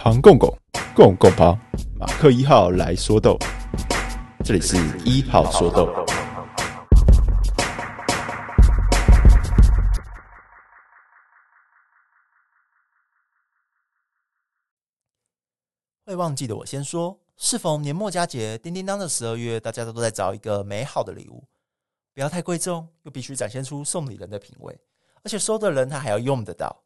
龐公公，公公龐，馬克一號來說豆，這裡是一號說豆。會忘記的我先說，適逢年末佳節，叮叮當的十二月，大家都都在找一個美好的禮物，不要太貴重，又必須展現出送禮人的品味，而且收的人他還要用得到。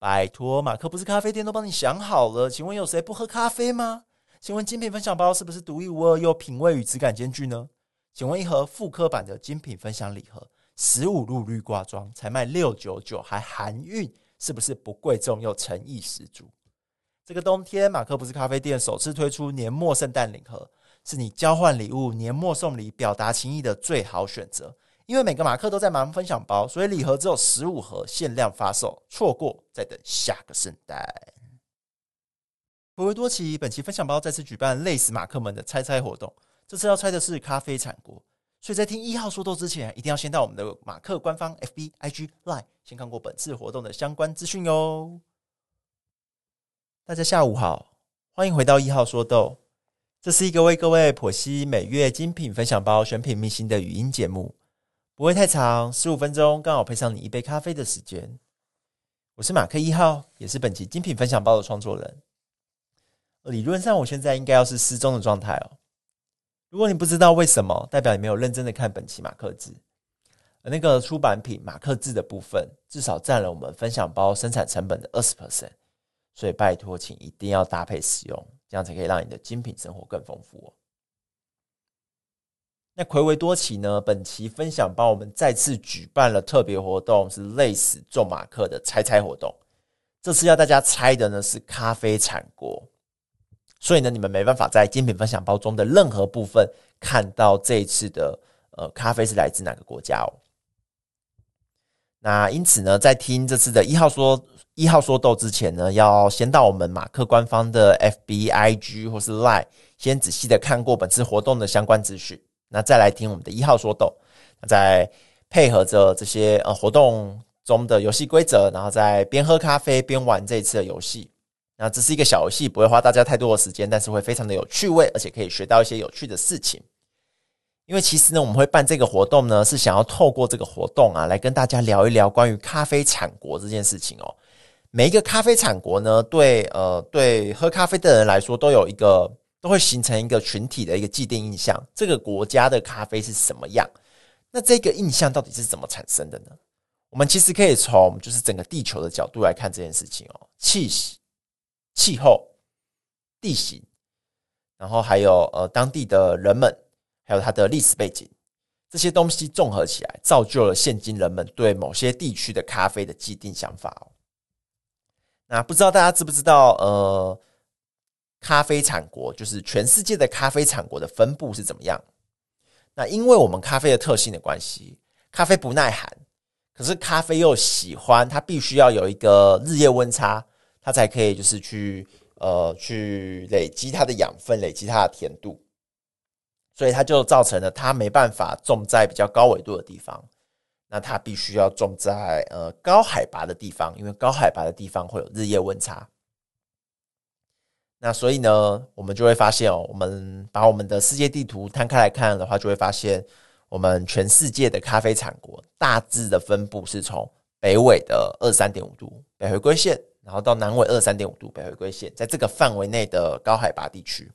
拜託，馬克不是咖啡店都幫你想好了。請問有誰不喝咖啡嗎？請問精品分享包是不是獨一無二又品味與質感兼具呢？請問一盒復刻版的精品分享禮盒，十五入濾掛裝才賣六九九，還含運，是不是不貴重又誠意十足？這個冬天，馬克不是咖啡店首次推出年末聖誕禮盒，是你交換禮物、年末送禮、表達情誼的最好選擇。因為每個馬克都在忙分享包，所以禮盒只有十五盒限量發售，錯過再等下個聖誕。不過多敘，本期分享包再次舉辦累死馬克們的猜猜活動，這次要猜的是咖啡產國。所以在聽一號說豆之前，一定要先到我們的馬克官方 FB IG LINE 先看過本次活動的相關資訊喲。大家下午好，歡迎回到一號說豆，這是一個為各位剖析每月精品分享包選品秘辛的語音節目。不會太長，十五分鐘剛好配上你一杯咖啡的時間。我是馬克一號，也是本期精品分享包的創作人。而理論上，我現在應該要是失蹤的狀態哦。如果你不知道為什麼，代表你沒有認真的看本期馬克誌。而那個出版品馬克誌的部分，至少占了我們分享包生產成本的二十 percent，所以拜托，請一定要搭配使用，這樣才可以讓你的精品生活更豐富哦。那睽違多時呢，本期分享包我們再次舉辦了特別活動，是類似做馬克的猜猜活動。這次要大家猜的呢，是咖啡產國，所以呢，你們沒辦法在精品分享包中的任何部分看到這一次的呃咖啡是來自哪個國家哦。那因此呢，在聽這次的一號說一號說豆之前呢，要先到我們馬克官方的 F B I G 或是 Line 先仔細的看過本次活動的相關資訊。那再來聽我們的一號說豆，那在配合着這些，呃，活動中的遊戲規則，然後在邊喝咖啡邊玩這一次的遊戲。那這是一個小遊戲，不會花大家太多的時間，但是會非常的有趣味，而且可以學到一些有趣的事情。因為其實呢，我們會辦這個活動呢，是想要透過這個活動啊，來跟大家聊一聊關於咖啡產國這件事情哦。每一個咖啡產國呢，對，呃，對喝咖啡的人來說都有一個。都會形成一個群體的一個既定印象，這個國家的咖啡是什麼樣？那這個印象到底是怎麼產生的呢？我們其實可以從就是整個地球的角度來看這件事情哦，氣息、氣候、地形，然後還有呃當地的人們，還有它的歷史背景，這些東西綜合起來，造就了現今人們對某些地區的咖啡的既定想法哦。那不知道大家知不知道呃？咖啡產國就是全世界的咖啡產國的分布是怎麼樣？那因為我們咖啡的特性的關係，咖啡不耐寒，可是咖啡又喜歡它，必須要有一個日夜溫差，它才可以就是去呃去累積它的養分，累積它的甜度，所以它就造成了它沒辦法種在比較高緯度的地方，那它必須要種在呃高海拔的地方，因為高海拔的地方會有日夜溫差。那所以呢，我們就會發現哦，我們把我們的世界地圖攤開來看的話，就會發現我們全世界的咖啡產國大致的分布是從北緯的二三點五度北回歸線，然後到南緯二三點五度北回歸線，在這個範圍內的高海拔地區。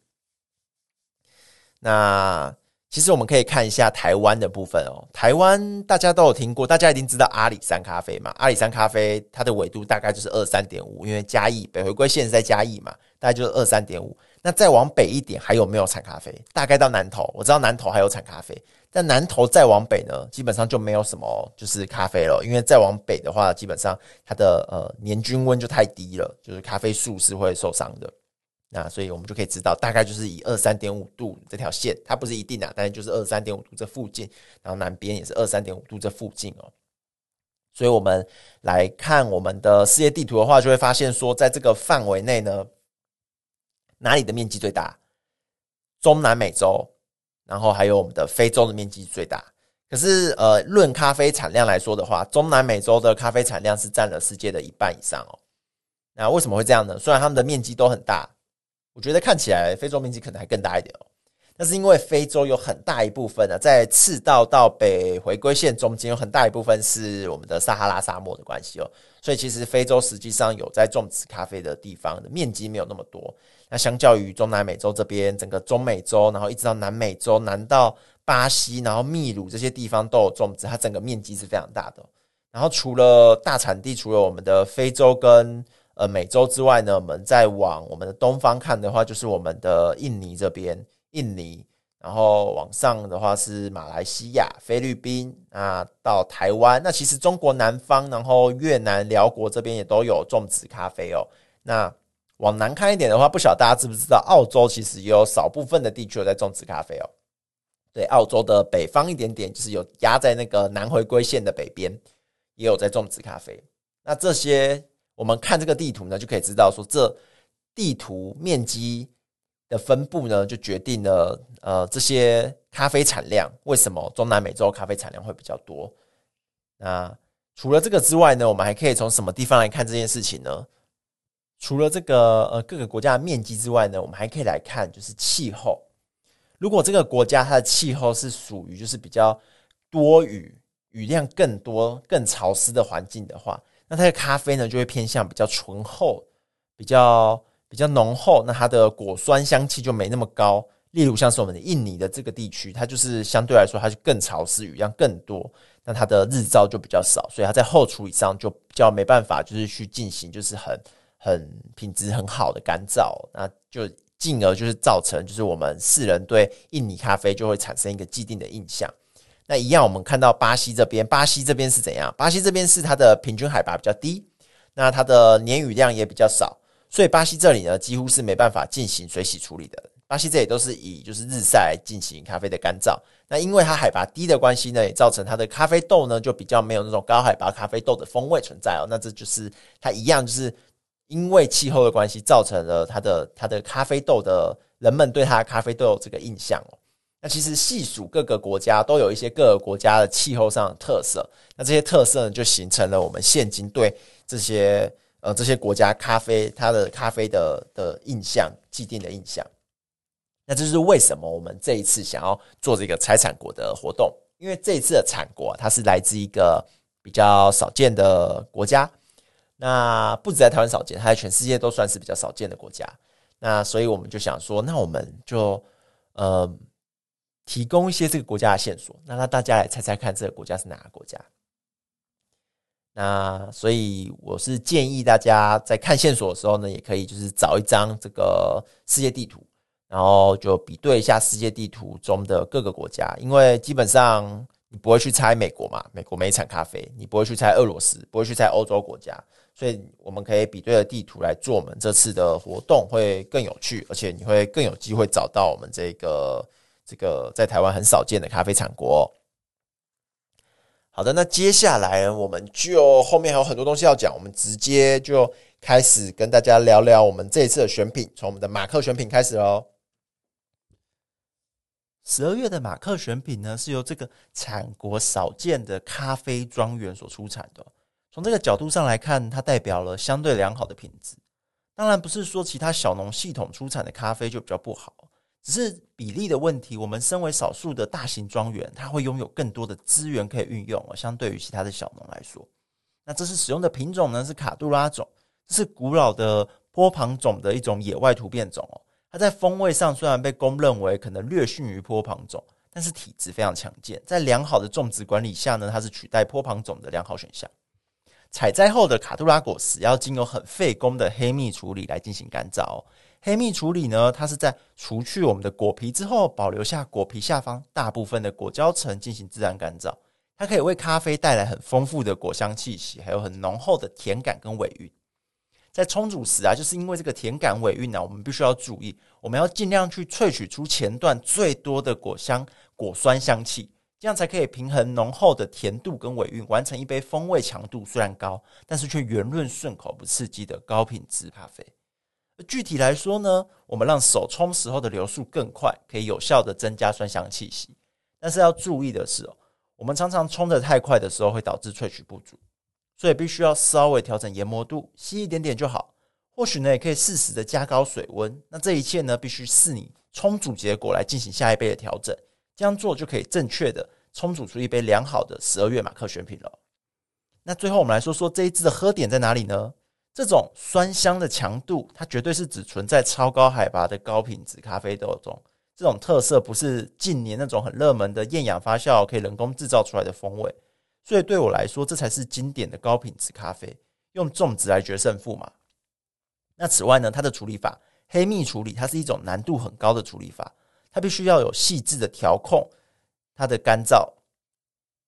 那其實我們可以看一下台灣的部分哦，台灣大家都有聽過，大家一定知道阿里山咖啡嘛。阿里山咖啡它的緯度大概就是二三點五，因為嘉義北回歸線是在嘉義嘛。大概就是二三點五，那再往北一點還有沒有產咖啡？大概到南投，我知道南投還有產咖啡，但南投再往北呢，基本上就沒有什麼就是咖啡了，因為再往北的話，基本上它的呃年均溫就太低了，就是咖啡樹是會受傷的。那所以我們就可以知道，大概就是以二三點五度這條線，它不是一定的、啊，但是就是二三點五度這附近，然後南邊也是二三點五度這附近哦。所以我們來看我們的世界地圖的話，就會發現說，在這個範圍內呢。哪裡的面積最大？中南美洲，然後還有我們的非洲的面積最大。可是，呃，論咖啡產量來說的話，中南美洲的咖啡產量是佔了世界的一半以上哦。那為什麼會這樣呢？雖然他們的面積都很大，我覺得看起來非洲面積可能還更大一點哦。但是因為非洲有很大一部分呢，啊，在赤道到北回歸線中間有很大一部分是我們的撒哈拉沙漠的關係哦。所以，其實非洲實際上有在種植咖啡的地方的面積沒有那麼多。那相較於中南美洲這邊，整個中美洲，然後一直到南美洲，南到巴西，然後秘魯這些地方都有種植，它整個面積是非常大的。然後除了大產地，除了我們的非洲跟呃美洲之外呢，我們再往我們的東方看的話，就是我們的印尼這邊，印尼，然後往上的話是馬來西亞、菲律賓，啊到台灣。那其實中國南方，然後越南、寮國這邊也都有種植咖啡哦、喔。那往南看一點的話，不曉得大家知不知道，澳洲其實也有少部分的地區有在種植咖啡哦。對，澳洲的北方一點點，就是有壓在那個南回歸線的北邊，也有在種植咖啡。那這些我們看這個地圖呢，就可以知道說，這地圖面積的分布呢，就決定了呃這些咖啡產量。為什麼中南美洲咖啡產量會比較多？那除了這個之外呢，我們還可以從什麼地方來看這件事情呢？除了這個呃各個國家的面積之外呢，我們還可以來看就是氣候。如果這個國家它的氣候是屬於就是比較多雨、雨量更多、更潮濕的環境的話，那它的咖啡呢就會偏向比較醇厚、比較比較濃厚。那它的果酸香氣就沒那麼高。例如像是我們的印尼的這個地區，它就是相對來說它就更潮濕、雨量更多，那它的日照就比較少，所以它在後處理上就比較沒辦法就是去進行就是很。很品質很好的乾燥哦，那就進而就是造成，就是我們世人對印尼咖啡就會產生一個既定的印象。那一樣，我們看到巴西這邊，巴西這邊是怎樣？巴西這邊是它的平均海拔比較低，那它的年雨量也比較少，所以巴西這裡呢，幾乎是沒辦法進行水洗處理的。巴西這裡都是以就是日曬進行咖啡的乾燥。那因為它海拔低的關係呢，也造成它的咖啡豆呢，就比較沒有那種高海拔咖啡豆的風味存在哦。那這就是它一樣就是。因為氣候的關係，造成了它的他的咖啡豆的，人們對它的咖啡豆有這個印象哦。那其實細數各個國家，都有一些各個國家的氣候上的特色。那這些特色呢，就形成了我們現今對這些呃這些國家咖啡它的咖啡的的印象，既定的印象。那這是為什麼我們這一次想要做這個猜產國的活動？因為這一次的產國啊，它是來自一個比較少見的國家。那不只在台灣少見，還在全世界都算是比較少見的國家。那所以我們就想說，那我們就呃提供一些這個國家的線索，那讓大家來猜猜看這個國家是哪個國家。那所以我是建議大家在看線索的時候呢，也可以就是找一張這個世界地圖，然後就比對一下世界地圖中的各個國家，因為基本上你不會去猜美國嘛，美國沒產咖啡；你不會去猜俄羅斯，不會去猜歐洲國家。所以我們可以比對的地圖來做我們這次的活動，會更有趣，而且你會更有機會找到我們這個這個在台灣很少見的咖啡產國。好的，那接下來我們就後面還有很多東西要講，我們直接就開始跟大家聊聊我們這一次的選品，從我們的馬克選品開始嘍。十二月的馬克選品呢，是由這個產國少見的咖啡莊園所出產的。從這個角度上來看，它代表了相對良好的品質。當然，不是說其他小農系統出產的咖啡就比較不好，只是比例的問題。我們身為少數的大型莊園，它會擁有更多的資源可以運用，相對於其他的小農來說，那這次使用的品種呢，是卡杜拉種，這是古老的波旁種的一種野外突變種哦。它在風味上雖然被公認為可能略遜於波旁種，但是體質非常強健，在良好的種植管理下呢，它是取代波旁種的良好選項。採摘後的卡杜拉果實要經由很費工的黑蜜處理來進行乾燥哦。黑蜜處理呢，它是在除去我們的果皮之後，保留下果皮下方大部分的果膠層進行自然乾燥。它可以為咖啡帶來很豐富的果香氣息，還有很濃厚的甜感跟尾韻。在沖煮時啊，就是因為這個甜感尾韻呢啊，我們必須要注意，我們要盡量去萃取出前段最多的果香、果酸香氣，這樣才可以平衡濃厚的甜度跟尾韻，完成一杯風味強度雖然高，但是卻圓潤順口不刺激的高品質咖啡。具體來說呢，我們讓手沖時候的流速更快，可以有效地增加酸香氣息。但是要注意的是哦，我們常常沖得太快的時候會導致萃取不足，所以必須要稍微調整研磨度，細一點點就好。或許呢，也可以適時的加高水溫。那這一切呢，必須是你沖煮結果來進行下一杯的調整。這樣做就可以正確的沖煮出一杯良好的十二月馬克選品了。那最後我們來說說這一支的喝點在哪裡呢？這種酸香的強度，它絕對是只存在超高海拔的高品質咖啡豆中。這種特色不是近年那種很熱門的厭氧發酵可以人工制造出來的風味，所以對我來說，這才是經典的高品質咖啡。用種植來決勝負嘛。那此外呢，它的處理法黑蜜處理，它是一種難度很高的處理法。它必須要有細緻的調控，它的乾燥。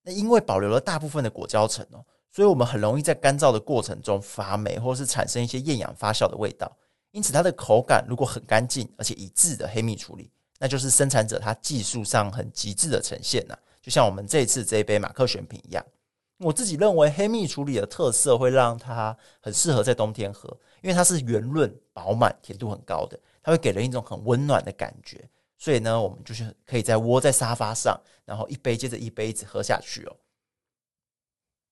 那因為保留了大部分的果膠層哦，所以我們很容易在乾燥的過程中發霉，或是產生一些厭氧發酵的味道。因此，它的口感如果很乾淨而且一致的黑蜜處理，那就是生產者他技術上很極致的呈現吶、啊。就像我們這一次這一杯馬克選品一樣，我自己認為黑蜜處理的特色會讓它很適合在冬天喝，因為它是圓潤飽滿、甜度很高的，它會給人一種很溫暖的感覺。所以呢，我們就是可以再窩在沙發上，然後一杯接着一杯一直喝下去哦。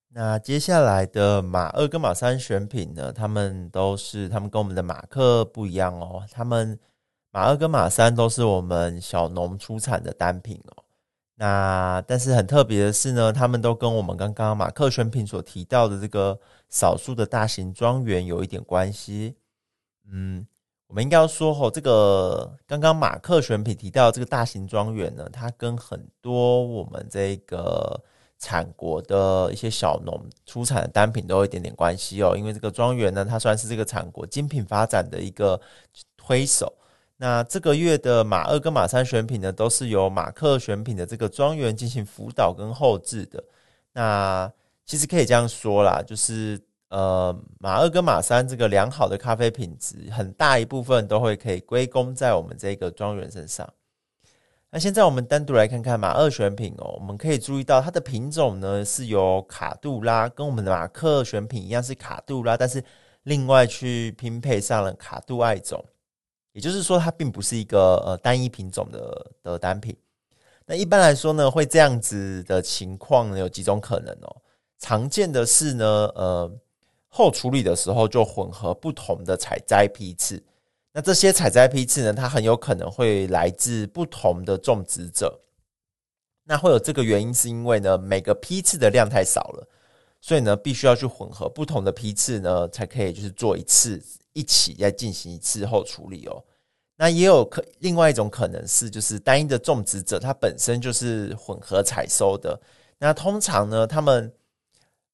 那接下來的馬二跟馬三選品呢，他們都是他們跟我們的馬克不一樣哦。他們馬二跟馬三都是我們小農出產的單品哦。那但是很特別的是呢，他們都跟我們剛剛馬克選品所提到的這個少數的大型莊園有一點關係，嗯。我們應該要說吼、哦，這個剛剛馬克選品提到這個大型莊園呢，它跟很多我們這個產國的一些小農出產的單品都有一點點關係哦。因為這個莊園呢，它算是這個產國精品發展的一個推手。那這個月的馬二跟馬三選品呢，都是由馬克選品的這個莊園進行輔導跟後製的。那其實可以這樣說啦，就是。呃，馬二跟馬三這個良好的咖啡品質，很大一部分都會可以歸功在我們這個莊園身上。那現在我們單獨來看看馬二選品哦，我們可以注意到它的品種呢，是由卡杜拉，跟我們的馬克選品一樣是卡杜拉，但是另外去拼配上了卡杜艾種，也就是說它並不是一個呃單一品種的的單品。那一般來說呢，會這樣子的情況呢，有幾種可能哦。常見的是呢，呃。後處理的時候就混合不同的採摘批次，那這些採摘批次呢，它很有可能會來自不同的種植者。那會有這個原因，是因為呢每個批次的量太少了，所以呢必須要去混合不同的批次呢，才可以就是做一次一起再進行一次後處理哦。那也有可另外一種可能是，就是單一的種植者他本身就是混合採收的。那通常呢他們。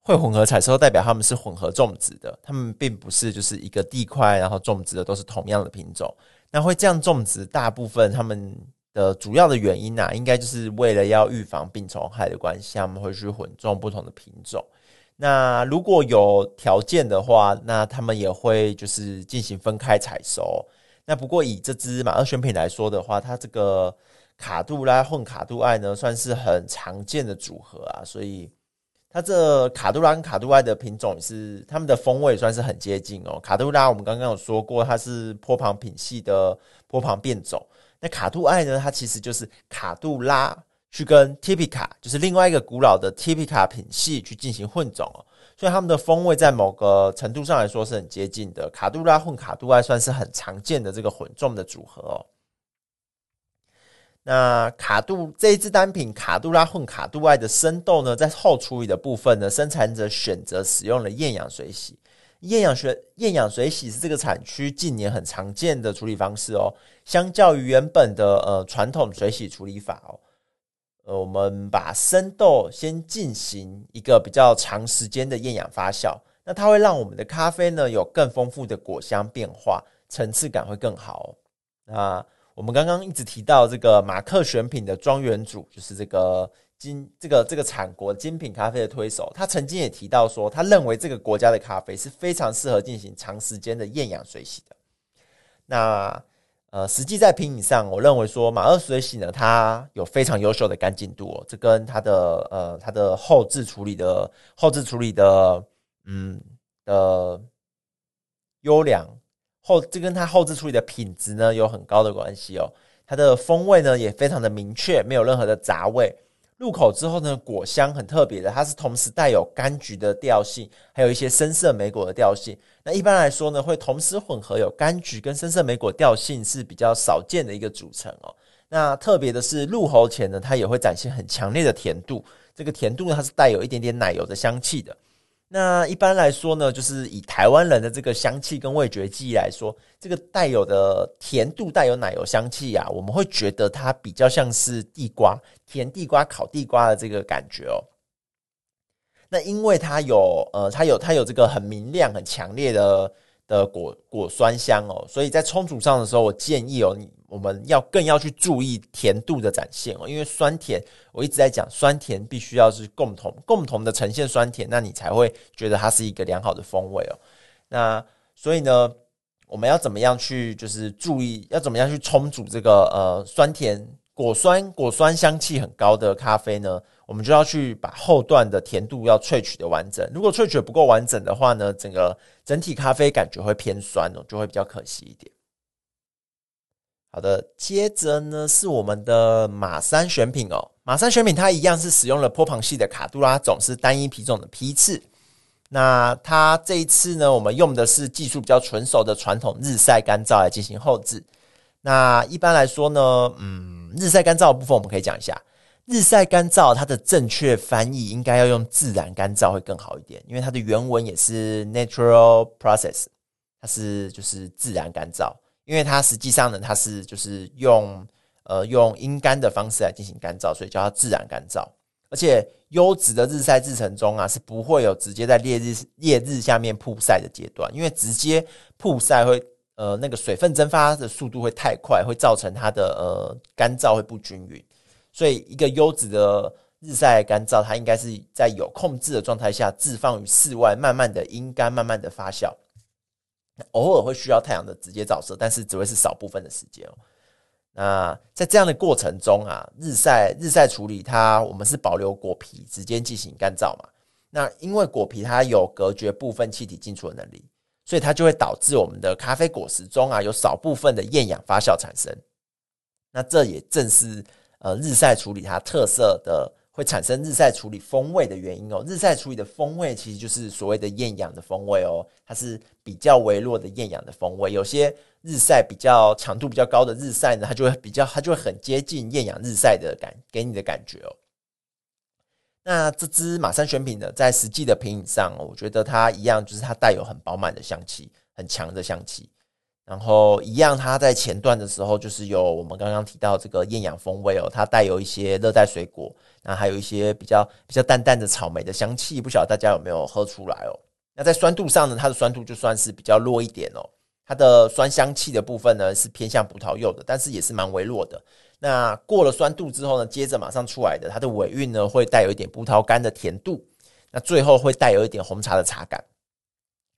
會混合採收代表他們是混合種植的，他們並不是就是一個地塊，然後種植的都是同樣的品種。那會這樣種植，大部分他們的主要的原因呢、啊，應該就是為了要預防病蟲害的關係，他們會去混種不同的品種。那如果有條件的話，那他們也會就是進行分開採收。那不過以這只馬二選品來說的話，它這個卡杜拉混卡杜艾呢，算是很常見的組合啊，所以。它這卡杜拉跟卡杜埃的品種也是，它們的風味也算是很接近哦。卡杜拉我們剛剛有說過，它是波旁品系的波旁變種。那卡杜埃呢？它其實就是卡杜拉去跟 Typica，就是另外一個古老的 Typica 品系去進行混種哦。所以它們的風味在某個程度上來說是很接近的。卡杜拉混卡杜埃算是很常見的這個混種的組合哦。那卡杜這一支單品卡杜拉混卡杜艾的生豆呢，在後處理的部分呢，生產者選擇使用了厭氧水洗。厭氧水厭氧水洗是這個產區近年很常見的處理方式哦。相較於原本的呃傳統水洗處理法哦，呃，我們把生豆先進行一個比較長時間的厭氧發酵，那它會讓我們的咖啡呢有更豐富的果香變化，層次感會更好哦。那。我們剛剛一直提到這個馬克選品的莊園主，就是這個金這個這個產國精品咖啡的推手，他曾經也提到說，他認為這個國家的咖啡是非常適合進行長時間的厭氧水洗的。那呃，實際在品飲上，我認為說馬二水洗呢，它有非常優秀的乾淨度哦，這跟它的呃它的後置處理的後置處理的嗯的，呃，優良。後這跟它後製處理的品質呢有很高的關係哦，它的風味呢也非常的明確，沒有任何的雜味。入口之後呢，果香很特別的，它是同時帶有柑橘的調性，還有一些深色莓果的調性。那一般來說呢，會同時混合有柑橘跟深色莓果調性是比較少見的一個組成哦。那特別的是，入喉前呢，它也會展現很強烈的甜度，這個甜度呢，它是帶有一點點奶油的香氣的。那一般來說呢，就是以台灣人的這個香氣跟味覺記憶來說，這個帶有的甜度、帶有奶油香氣啊，我們會覺得它比較像是地瓜、甜地瓜、烤地瓜的這個感覺哦。那因為它有呃，它有它有這個很明亮、很強烈的的果果酸香哦，所以在沖煮上的時候，我建議哦你我們要更要去注意甜度的展現哦，因為酸甜，我一直在講酸甜必須要是共同共同的呈現酸甜，那你才會覺得它是一個良好的風味哦。那所以呢，我們要怎麼樣去就是注意，要怎麼樣去沖煮這個呃酸甜果酸果酸香氣很高的咖啡呢？我們就要去把後段的甜度要萃取的完整，如果萃取的不夠完整的話呢，整個整體咖啡感覺會偏酸哦，就會比較可惜一點。好的，接着呢是我們的馬三選品哦。馬三選品它一樣是使用了波旁系的卡杜拉種，總是單一品種的批次。那它這一次呢，我們用的是技術比較純熟的傳統日曬乾燥來進行後制。那一般來說呢，嗯，日曬乾燥的部分我們可以講一下。日曬乾燥它的正確翻譯應該要用自然乾燥會更好一點，因為它的原文也是 natural process，它是就是自然乾燥。因為它實際上呢，它是就是用呃用陰乾的方式來進行乾燥，所以叫它自然乾燥。而且優質的日曬製程中啊，是不會有直接在烈日烈日下面曝曬的階段，因為直接曝曬會呃那個水分蒸發的速度會太快，會造成它的呃乾燥會不均勻。所以一個優質的日曬乾燥，它應該是在有控制的狀態下，置放於室外，慢慢的陰乾，慢慢的發酵。偶爾會需要太陽的直接照射，但是只會是少部分的時間。那在這樣的過程中啊，日曬日曬處理它，我們是保留果皮直接進行乾燥嘛。那因為果皮它有隔絕部分氣體進出的能力，所以它就會導致我們的咖啡果實中啊有少部分的厭氧發酵產生。那這也正是呃日曬處理它特色的會產生日曬處理風味的原因哦，日曬處理的風味其實就是所謂的厭氧的風味哦，它是比較微弱的厭氧的風味。有些日曬比較強度比較高的日曬呢，它就會比較，它就會很接近厭氧日曬的感，給你的感覺哦。那這支馬三選品呢，在實際的品飲上，我覺得它一樣，就是它帶有很飽滿的香氣，很強的香氣。然後一樣，它在前段的時候，就是有我們剛剛提到這個厭氧風味哦，它帶有一些熱帶水果。那還有一些比較比較淡淡的草莓的香氣，不曉得大家有沒有喝出來哦？那在酸度上呢，它的酸度就算是比較弱一點哦。它的酸香氣的部分呢，是偏向葡萄柚的，但是也是蠻微弱的。那過了酸度之後呢，接着馬上出來的它的尾韻呢，會帶有一點葡萄乾的甜度，那最後會帶有一點紅茶的茶感。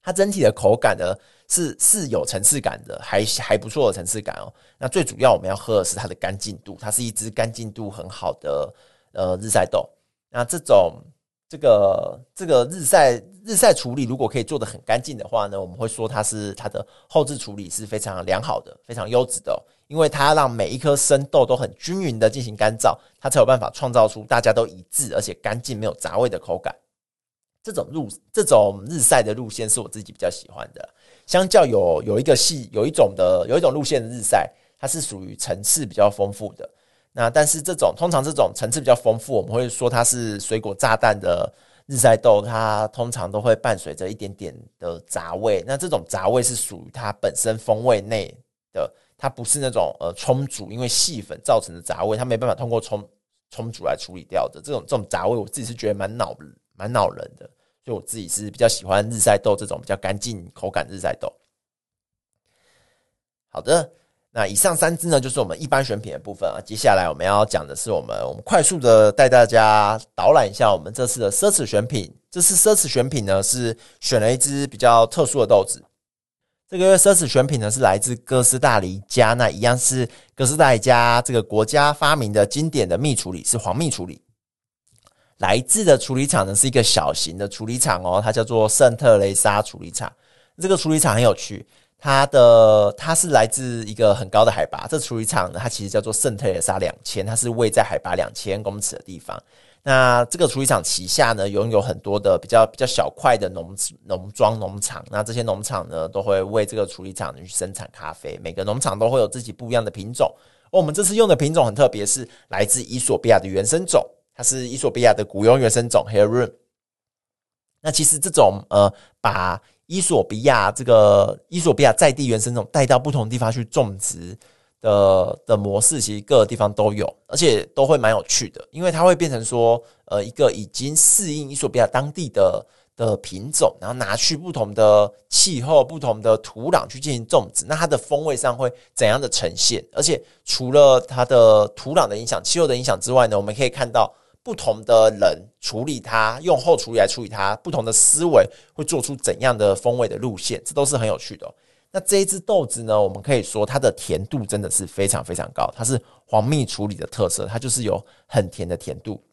它整體的口感呢，是是有層次感的，還還不錯的層次感哦。那最主要我們要喝的是它的乾淨度，它是一支乾淨度很好的。呃，日曬豆，那這種這個這個日曬日曬處理，如果可以做得很乾淨的話呢，我們會說它是它的後製處理是非常良好的、非常優質的哦，因為它讓每一顆生豆都很均勻的進行乾燥，它才有辦法創造出大家都一致而且乾淨、沒有雜味的口感。這種路這種日曬的路線是我自己比較喜歡的，相較有有一個系有一種的有一種路線的日曬，它是屬於層次比較豐富的。那但是這種通常這種層次比較豐富，我們會說它是水果炸彈的日曬豆，它通常都會伴隨着一點點的雜味。那這種雜味是屬於它本身風味內的，它不是那種呃沖煮，因為細粉造成的雜味，它沒辦法通過沖沖煮來處理掉的。這種這種雜味我自己是覺得蠻惱蠻惱人的，所以我自己是比較喜歡日曬豆這種比較乾淨口感的日曬豆。好的。那以上三支呢，就是我們一般選品的部分啊。接下來我們要講的是我們，我們快速的帶大家導覽一下我們這次的奢侈選品。這次奢侈選品呢，是選了一支比較特殊的豆子。這個奢侈選品呢，是來自哥斯大黎加，那一樣是哥斯大黎加這個國家發明的經典的蜜處理，是黃蜜處理。來自的處理廠呢，是一個小型的處理廠哦，它叫做聖特雷莎處理廠。這個處理廠很有趣。它的，它是來自一個很高的海拔，這處理廠呢，它其實叫做聖特雷莎兩千，它是位在海拔兩千公尺的地方。那這個處理廠旗下呢，擁有很多的比較比較小塊的農農莊農場。那這些農場呢，都會為這個處理廠去生產咖啡。每個農場都會有自己不一樣的品種。哦，我們這次用的品種很特別，是來自伊索比亞的原生種，它是伊索比亞的古擁原生種 Heirloom。那其實這種呃把。伊索比亞這個伊索比亞在地原生種帶到不同地方去種植的的模式，其實各個地方都有，而且都會蠻有趣的，因為它會變成說，呃，一個已經適應伊索比亞當地的的品種，然後拿去不同的氣候、不同的土壤去進行種植，那它的風味上會怎樣的呈現？而且除了它的土壤的影響、氣候的影響之外呢，我們可以看到。不同的人處理它，用後處理來處理它，不同的思維會做出怎樣的風味的路線，這都是很有趣的哦。那這一只豆子呢？我們可以說它的甜度真的是非常非常高，它是黃蜜處理的特色，它就是有很甜的甜度。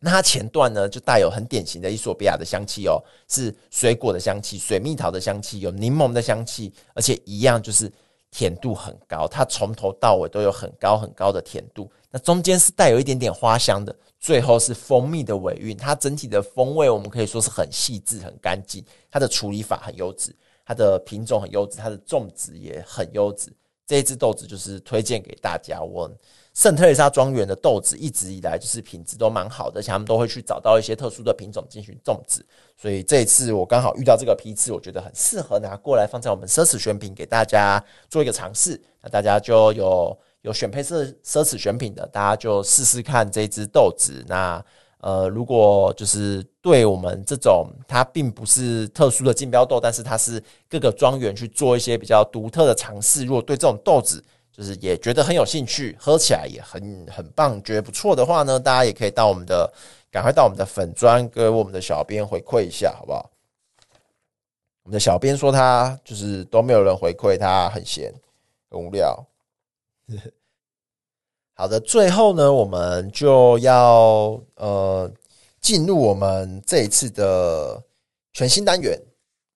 那它前段呢，就帶有很典型的伊索比亞的香氣哦，是水果的香氣，水蜜桃的香氣，有檸檬的香氣，而且一樣就是甜度很高，它從頭到尾都有很高很高的甜度。那中間是帶有一點點花香的。最後是蜂蜜的尾韻，它整體的風味我們可以說是很細緻、很乾淨。它的處理法很優質，它的品種很優質，它的種植也很優質。這一支豆子就是推薦給大家。聖特雷莎莊園的豆子一直以來就是品質都蠻好的，而且他們都會去找到一些特殊的品種進行種植。所以這一次我剛好遇到這個批次，我覺得很適合拿過來放在我們奢侈選品給大家做一個嘗試。那大家就有。有選配色、奢侈選品的，大家就試試看這支豆子。那呃，如果就是對我們這種，它並不是特殊的競標豆，但是它是各個莊園去做一些比較獨特的嘗試。如果對這種豆子就是也覺得很有興趣，喝起來也很很棒，覺得不錯的話呢，大家也可以到我們的，趕快到我們的粉專跟我們的小編回饋一下，好不好？我們的小編說他就是都沒有人回饋，他很閒很無聊。呵呵。好的，最後呢，我們就要呃進入我們這一次的全新單元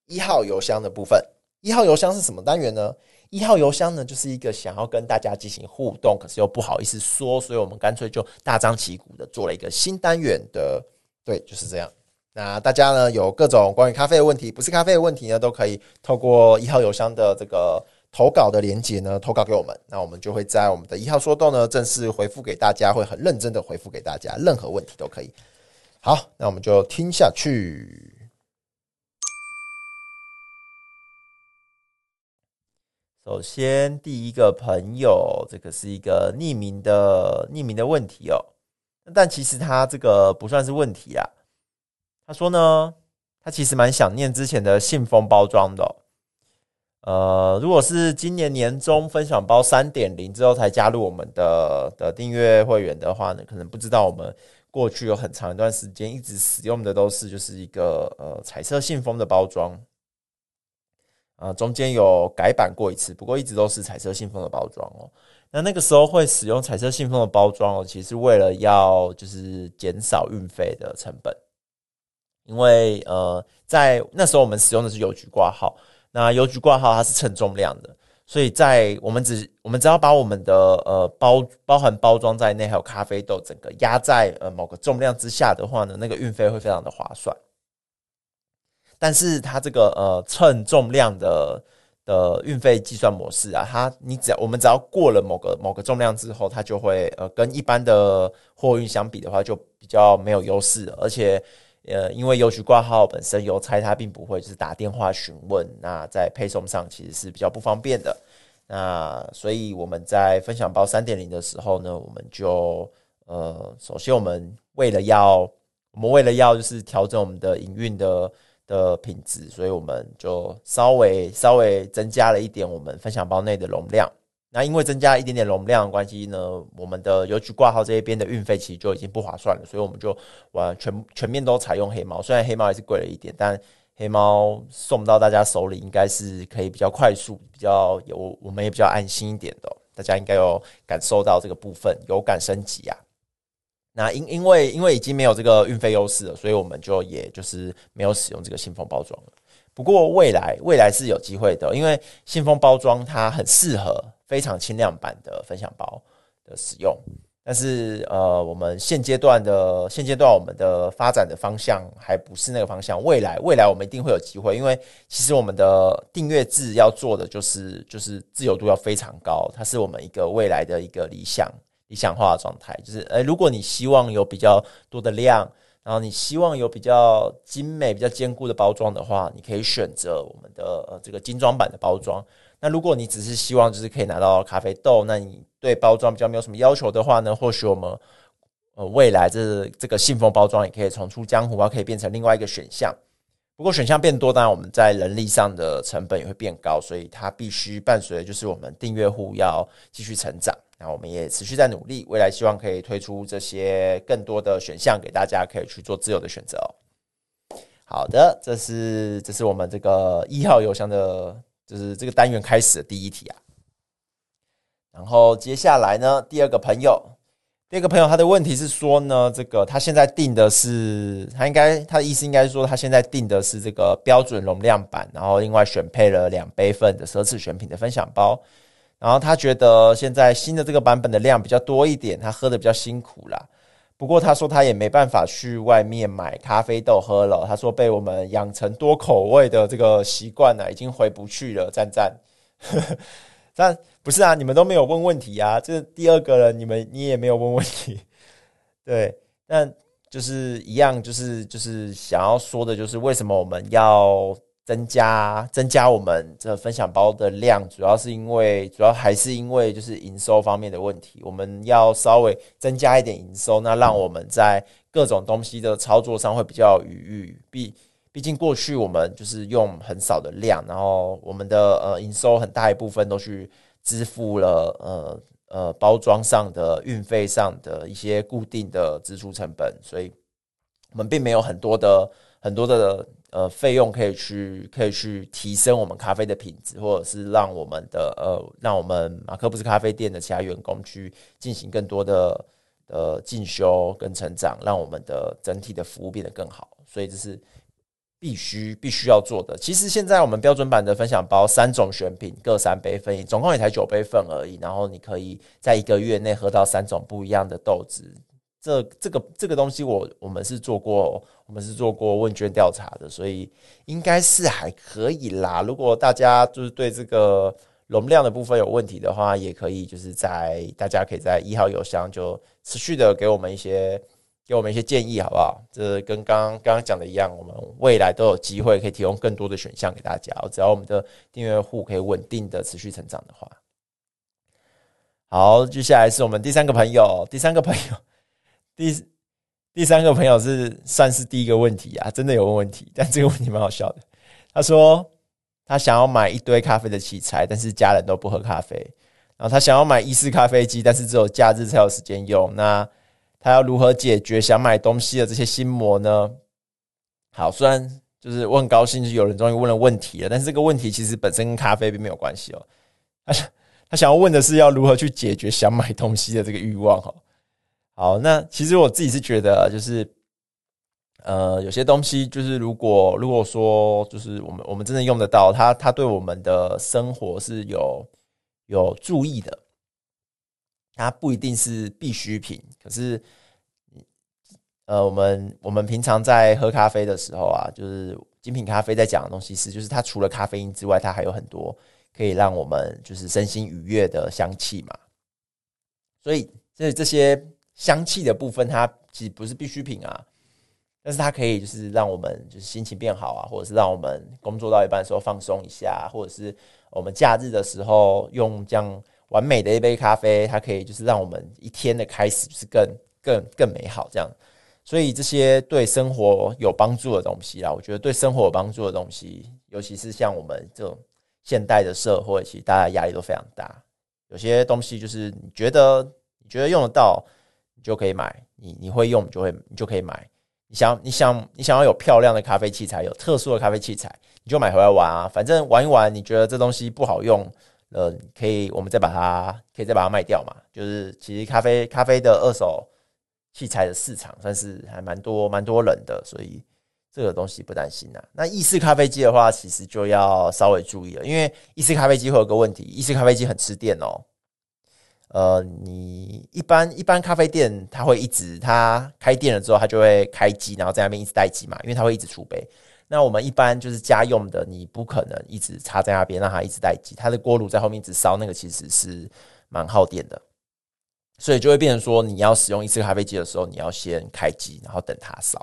一號郵箱的部分。一號郵箱是什麼單元呢？一號郵箱呢，就是一個想要跟大家進行互動，可是又不好意思說，所以我們乾脆就大張旗鼓的做了一個新單元的，對，就是這樣。那大家呢，有各種關於咖啡的問題，不是咖啡的問題呢，都可以透過一號郵箱的這個。投稿的連結呢，投稿給我們，那我們就會在我們的一號說豆呢，正式回復給大家，會很認真的回復給大家，任何問題都可以。好，那我們就聽下去。首先，第一個朋友，這個是一個匿名的匿名的問題哦，但其實他這個不算是問題啊。他說呢，他其實蠻想念之前的信封包裝的哦。呃，如果是今年年終分享包三點零之後才加入我們的的訂閱會員的話呢，可能不知道我們過去有很長一段時間一直使用的都是就是一個呃彩色信封的包裝，啊、呃，中間有改版過一次，不過一直都是彩色信封的包裝哦。那那個時候會使用彩色信封的包裝哦，其實為了要就是減少運費的成本，因為呃，在那時候我們使用的是郵局掛號。那郵局掛號它是稱重量的，所以在我們只我們只要把我們的呃包包含包裝在內，還有咖啡豆整個壓在呃某個重量之下的話呢，那個運費會非常的划算。但是它這個呃稱重量的的運費計算模式啊，它你只要我們只要過了某個某個重量之後，它就會呃跟一般的貨運相比的話，就比較沒有優勢，而且。呃，因為郵局掛號本身郵差他並不會就是打電話詢問，那在配送上其實是比較不方便的。那所以我們在分享包三點零的時候呢，我們就呃，首先我們為了要，我們為了要就是調整我們的營運的的品質，所以我們就稍微稍微增加了一點我們分享包內的容量。那因為增加一點點容量的關係呢，我們的郵局掛號這一邊的運費其實就已經不划算了，所以我們就完全全面都採用黑貓。雖然黑貓還是貴了一點，但黑貓送到大家手裡應該是可以比較快速、比較有，我們也比較安心一點的哦。大家應該有感受到這個部分有感升級啊。那因因為因為已經沒有這個運費優勢了，所以我們就也就是沒有使用這個信封包裝了。不過未來未來是有機會的，因為信封包裝它很適合。非常輕量版的分享包的使用，但是呃，我們現階段的現階段我們的發展的方向還不是那個方向。未來未來我們一定會有機會，因為其實我們的訂閱制要做的就是就是自由度要非常高，它是我們一個未來的一個理想理想化的狀態。就是哎、呃，如果你希望有比較多的量，然後你希望有比較精美、比較堅固的包裝的話，你可以選擇我們的、呃、這個精裝版的包裝。那如果你只是希望就是可以拿到咖啡豆，那你對包裝比較沒有什麼要求的話呢？或許我們呃未來這這個信封包裝也可以重出江湖，啊，可以變成另外一個選項。不過選項變多，當然我們在人力上的成本也會變高，所以它必須伴隨就是我們訂閱戶要繼續成長。那我們也持續在努力，未來希望可以推出這些更多的選項給大家可以去做自由的選擇哦。好的，這是這是我們這個一號郵箱的，就是這個單元開始的第一題啊，然後接下來呢，第二個朋友，第二個朋友他的問題是說呢，這個他現在訂的是，他應該他的意思應該是說他現在訂的是這個標準容量版，然後另外選配了兩杯份的奢侈選品的分享包，然後他覺得現在新的這個版本的量比較多一點，他喝的比較辛苦啦。不過他說他也沒辦法去外面買咖啡豆喝了。他說被我們養成多口味的這個習慣了、啊，已經回不去了。讚讚， 但不是啊，你們都沒有問問題啊。這第二個人你們你也沒有問問題。對，那就是一樣，就是就是想要說的就是為什麼我們要增加增加我們這分享包的量，主要是因為主要還是因為就是營收方面的問題。我們要稍微增加一點營收，那讓我們在各種東西的操作上會比較餘裕。畢畢竟過去我們就是用很少的量，然後我們的呃營收很大一部分都去支付了呃呃包裝上的運費上的一些固定的支出成本，所以我們並沒有很多的很多的。呃，費用可以去，可以去提升我們咖啡的品質，或者是讓我們的呃，讓我們馬克不是咖啡店的其他員工去進行更多的呃進修跟成長，讓我們的整體的服務變得更好。所以這是必須必須要做的。其實現在我們標準版的分享包，三種選品各三杯份，總共也才九杯份而已。然後你可以在一個月內喝到三種不一樣的豆子。這這個這個東西我，我我們是做過，我們是做過問卷調查的，所以應該是還可以啦。如果大家就是對這個容量的部分有問題的話，也可以就是在大家可以在一號郵箱就持續的給我們一些給我們一些建議，好不好？這跟剛剛剛講的一樣，我們未來都有機會可以提供更多的選項給大家。只要我們的訂閱戶可以穩定的持續成長的話，好，接下來是我們第三個朋友，第三個朋友。第第三個朋友是算是第一個問題啊，真的有問問題，但這個問題蠻好笑的。他說他想要買一堆咖啡的器材，但是家人都不喝咖啡，然後他想要買意式咖啡機，但是只有假日才有時間用。那他要如何解決想買東西的這些心魔呢？好，雖然就是我很高興，就有人終於問了問題了，但是這個問題其實本身跟咖啡並沒有關係哦。他他想要問的是要如何去解決想買東西的這個欲望哦、喔。好，那其實我自己是覺得，就是，呃，有些東西就是如，如果如果說，就是我們我們真的用得到它，它對我們的生活是有有助益的，它不一定是必需品。可是，呃，我們我們平常在喝咖啡的時候啊，就是精品咖啡在講的東西是，就是它除了咖啡因之外，它還有很多可以讓我們就是身心愉悅的香氣嘛。所以，所以這些。香氣的部分，它其實不是必需品啊，但是它可以就是讓我們就是心情變好啊，或者是讓我們工作到一半的時候放鬆一下，或者是我們假日的時候用這樣完美的一杯咖啡，它可以就是讓我們一天的開始就是更更更美好這樣。所以這些對生活有幫助的東西啦，我覺得對生活有幫助的東西，尤其是像我們這種現代的社會，其實大家壓力都非常大，有些東西就是你覺得你覺得用得到。就可以買，你你會用，就會你就可以買。你想你想你想要有漂亮的咖啡器材，有特殊的咖啡器材，你就買回來玩啊。反正玩一玩，你覺得這東西不好用，呃，可以我們再把它可以再把它賣掉嘛。就是其實咖啡咖啡的二手器材的市場算是還蠻多蠻多人的，所以這個東西不擔心吶、啊。那意式咖啡機的話，其實就要稍微注意了，因為意式咖啡機會有個問題，意式咖啡機很吃電哦。呃，你一般一般咖啡店，它會一直它開店了之後，它就會開機，然後在那邊一直待機嘛，因為它會一直儲備。那我們一般就是家用的，你不可能一直插在那邊讓它一直待機，它的鍋爐在後面一直燒，那個其實是蠻耗電的。所以就會變成說，你要使用一次咖啡機的時候，你要先開機，然後等它燒。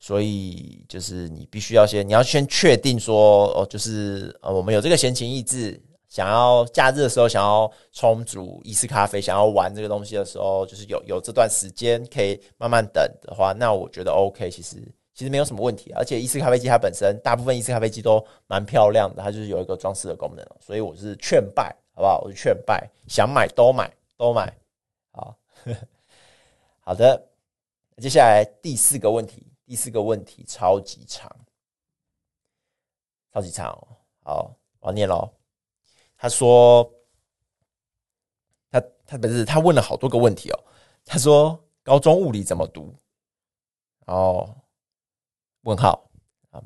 所以就是你必須要先，你要先確定說，哦，就是呃、哦，我們有這個閒情逸致。想要假日的時候，想要沖煮義式咖啡，想要玩這個東西的時候，就是有有這段時間可以慢慢等的話，那我覺得 OK，其實其實沒有什麼問題。而且義式咖啡機它本身，大部分義式咖啡機都蠻漂亮的，它就是有一個裝飾的功能，所以我是勸敗，好不好？我是勸敗，想買都買，都買，好呵呵，好的。接下來第四個問題，第四個問題超級長，超級長哦，好，我要念嘍。他說：“他他不是，他問了好多個問題哦。他說高中物理怎麼讀？哦，問號，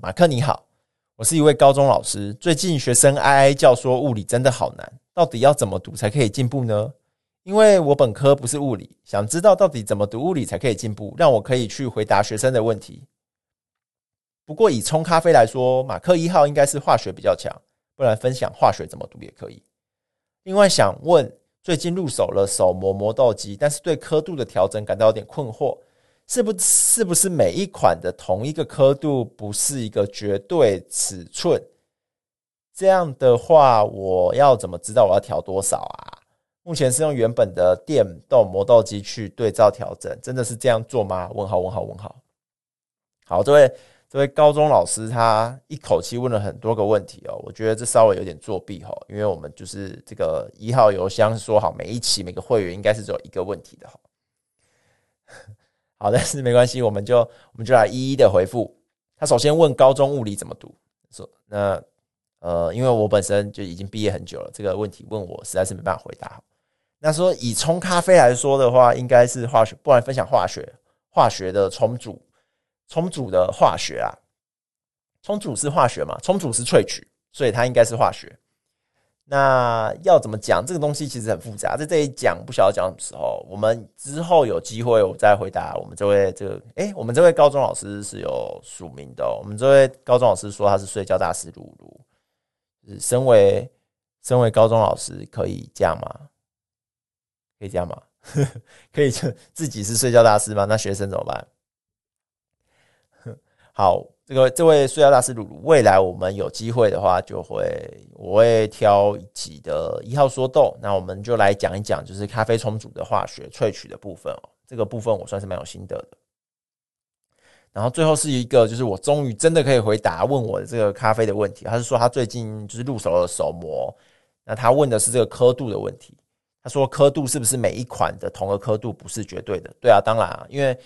馬克你好，我是一位高中老師，最近學生哀哀叫說物理真的好難，到底要怎麼讀才可以進步呢？因為我本科不是物理，想知道到底怎麼讀物理才可以進步，讓我可以去回答學生的問題。不過以沖咖啡來說，馬克一號應該是化學比較強。”不然分享化學怎麼讀也可以。另外想問，最近入手了手磨磨豆機，但是對刻度的調整感到有點困惑，是不是？是不是每一款的同一個刻度不是一個絕對尺寸？這樣的話，我要怎麼知道我要調多少啊？目前是用原本的電動磨豆機去對照調整，真的是這樣做嗎？問號問號問號。好，好，這位。這位高中老師他一口氣問了很多個問題哦，我覺得這稍微有點作弊哦，因為我們就是這個一號郵箱說好每一期每個會員應該是只有一個問題的。好，好，但是沒關係，我們就我們就來一一的回復他。首先問高中物理怎麼讀，說那呃，因為我本身就已經畢業很久了，這個問題問我實在是沒辦法回答。那說以沖咖啡來說的話，應該是化學，不然分享化學化學的沖煮。沖煮的化學啊，沖煮是化學嘛？沖煮是萃取，所以它應該是化學。那要怎麼講這個東西？其實很複雜，在這裡講不曉得講什麼時候。我們之後有機會我再回答。我們這位這個，哎、欸，我們這位高中老師是有署名的、哦。我們這位高中老師說他是睡覺大師魯魯。身為身為高中老師可以這樣嗎？可以這樣嗎？ 可以就自己是睡覺大師嗎？那學生怎麼辦？好，這個這位素雅大師魯魯，如未來我們有機會的話，就會我會挑幾的一號說豆，那我們就來講一講，就是咖啡沖煮的化學萃取的部分哦。這個部分我算是蠻有心得的。然後最後是一個，就是我終於真的可以回答問我的這個咖啡的問題。他是說他最近就是入手了手磨，那他問的是這個刻度的問題。他說刻度是不是每一款的同個刻度不是絕對的？對啊，當然啊，因為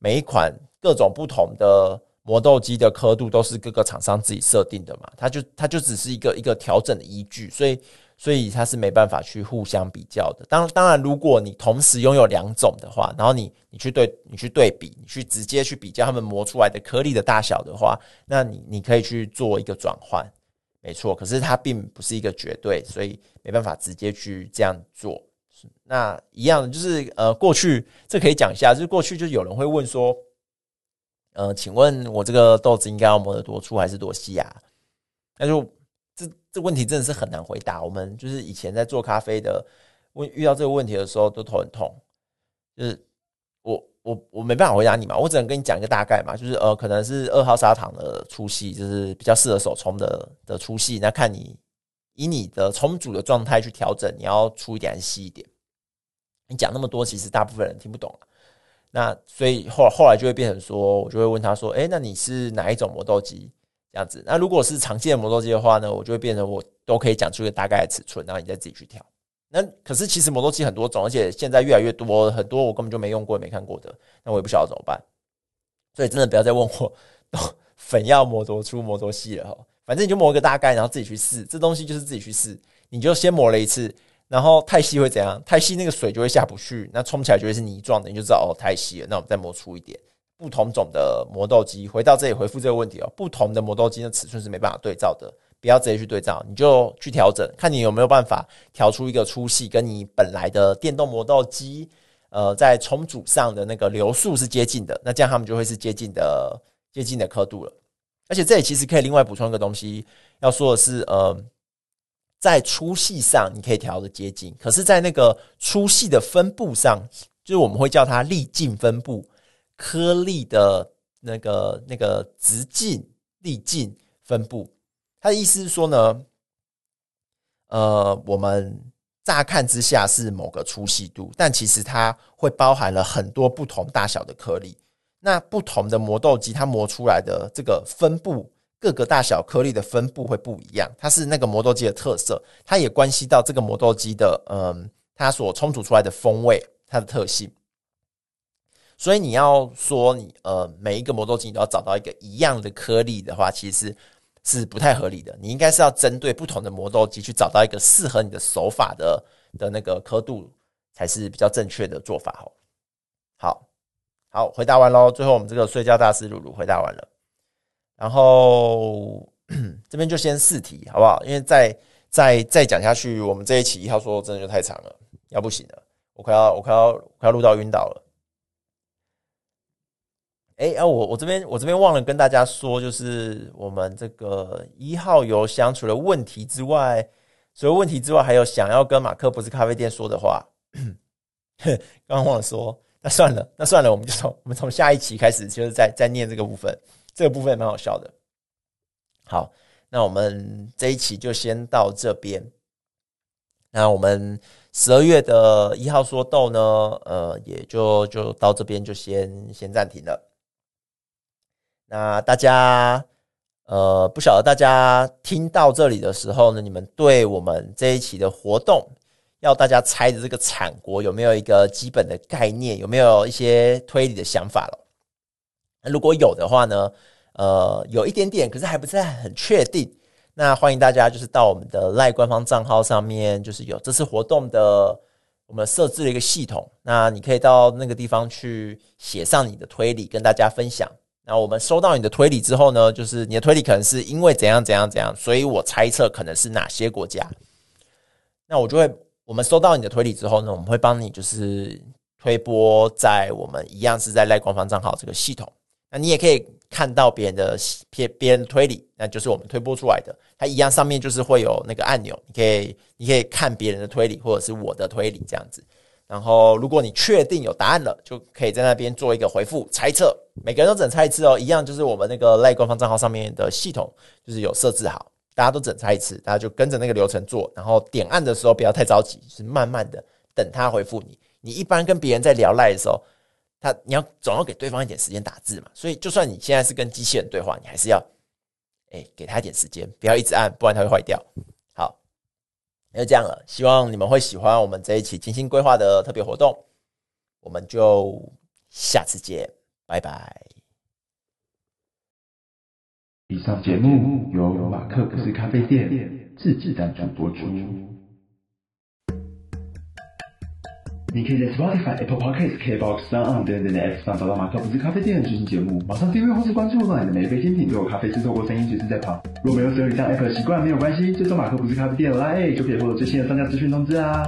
每一款各種不同的。磨豆機的刻度都是各個廠商自己設定的嘛，它就它就只是一個一個調整的依據，所以所以它是沒辦法去互相比較的。當當然，如果你同時擁有兩種的話，然後你你去對你去對比，你去直接去比較它們磨出來的顆粒的大小的話，那你你可以去做一個轉換，沒錯。可是它並不是一個絕對，所以沒辦法直接去這樣做。那一樣的就是呃，過去這可以講一下，就是過去就是有人會問說。呃，請問我這個豆子應該要磨得多粗還是多細啊？那就這這問題真的是很難回答。我們就是以前在做咖啡的問遇到這個問題的時候都頭很痛，就是我我我沒辦法回答你嘛，我只能跟你講一個大概嘛，就是呃，可能是二號砂糖的粗細，就是比較適合手沖的的粗細，那看你以你的沖煮的狀態去調整，你要粗一點還是細一點？你講那麼多，其實大部分人聽不懂啊。那所以後後來就會變成說，我就會問他說，哎、欸，那你是哪一種磨豆機？這樣子。那如果是常見的磨豆機的話呢，我就會變成我都可以講出一個大概的尺寸，然後你再自己去調。那可是其實磨豆機很多種，而且現在越來越多，很多我根本就沒用過、沒看過的，那我也不曉得怎麼辦。所以真的不要再問我，粉要磨多粗、磨多細了齁。反正你就磨一個大概，然後自己去試。這東西就是自己去試，你就先磨了一次。然後太細會怎樣？太細那個水就會下不去，那沖起來就會是泥狀的，你就知道哦，太細了。那我們再磨粗一點。不同種的磨豆機，回到這裡回覆這個問題哦。不同的磨豆機的尺寸是沒辦法對照的，不要直接去對照，你就去調整，看你有沒有辦法調出一個粗細跟你本來的電動磨豆機，呃，在沖煮上的那個流速是接近的，那這樣它們就會是接近的、接近的刻度了。而且這裡其實可以另外補充一個東西，要說的是，呃。在粗細上，你可以調的接近，可是，在那個粗細的分布上，就是我們會叫它粒徑分布，顆粒的那個那個直徑粒徑分布。它的意思是說呢，呃，我們乍看之下是某個粗細度，但其實它會包含了很多不同大小的顆粒。那不同的磨豆機，它磨出來的這個分布。各個大小顆粒的分佈會不一樣，它是那個磨豆機的特色，它也關係到這個磨豆機的，嗯，它所沖煮出來的風味，它的特性。所以你要說你呃每一個磨豆機你都要找到一個一樣的顆粒的話，其實是，是不太合理的。你應該是要針對不同的磨豆機去找到一個適合你的手法的的那個刻度，才是比較正確的做法哦。好，好，回答完嘍。最後我們這個睡覺大師露露回答完了。然後這邊就先四題，好不好？因為再再再講下去，我們這一期一號說真的就太長了，要不行了，我快要我快要快要錄到暈倒了。哎、啊，我我這邊我這邊忘了跟大家說，就是我們這個一號郵箱除了問題之外，除了問題之外，還有想要跟馬克不是咖啡店說的話，剛剛忘了說，那算了，那算了，我們就從我們從下一期開始，就是再再念這個部分。這個部分也蠻好笑的。好，那我們這一期就先到這邊。那我們十二月的一號說豆呢，呃，也就就到這邊就先先暫停了。那大家，呃，不曉得大家聽到這裡的時候呢，你們對我們這一期的活動要大家猜的這個產國有沒有一個基本的概念，有沒有一些推理的想法了？如果有的話呢，呃，有一點點，可是還不是很確定。那歡迎大家就是到我們的 LINE 官方賬號上面，就是有這次活動的，我們設置了一個系統。那你可以到那個地方去寫上你的推理，跟大家分享。那我們收到你的推理之後呢，就是你的推理可能是因為怎樣怎樣怎樣，所以我猜測可能是哪些國家。那我就會，我們收到你的推理之後呢，我們會幫你就是推播在我們一樣是在 LINE 官方賬號這個系統。那你也可以看到別人的、別別人推理，那就是我們推播出來的，它一樣上面就是會有那個按鈕，你可以你可以看別人的推理或者是我的推理這樣子。然後如果你確定有答案了，就可以在那邊做一個回復猜測。每個人都整猜一次哦，一樣就是我們那個 LINE 官方賬號上面的系統就是有設置好，大家都整猜一次，大家就跟着那個流程做。然後點按的時候不要太着急，就是慢慢的等他回復你。你一般跟別人在聊 LINE 的時候。他，你要總要給對方一點時間打字嘛，所以就算你現在是跟機器人對話，你還是要，誒、欸、給他一點時間，不要一直按，不然它會壞掉。好，那就這樣了，希望你們會喜歡我們這一期精心規劃的特別活動，我們就下次見，拜拜。以上節目由馬克不是咖啡店自己贊助播出。你可以在 Spotify、Apple Podcasts、KBox、SoundOn 等等的 App 上找到馬克不是咖啡店的最新節目。馬上訂閱或是關注我們，你的每一杯精品都有咖啡是透過聲音決時、就是、在跑。如果沒有使用以上 App 的習慣沒有關係，就搜馬克不是咖啡店的拉頁就可以獲得最新的商家資訊通知啊。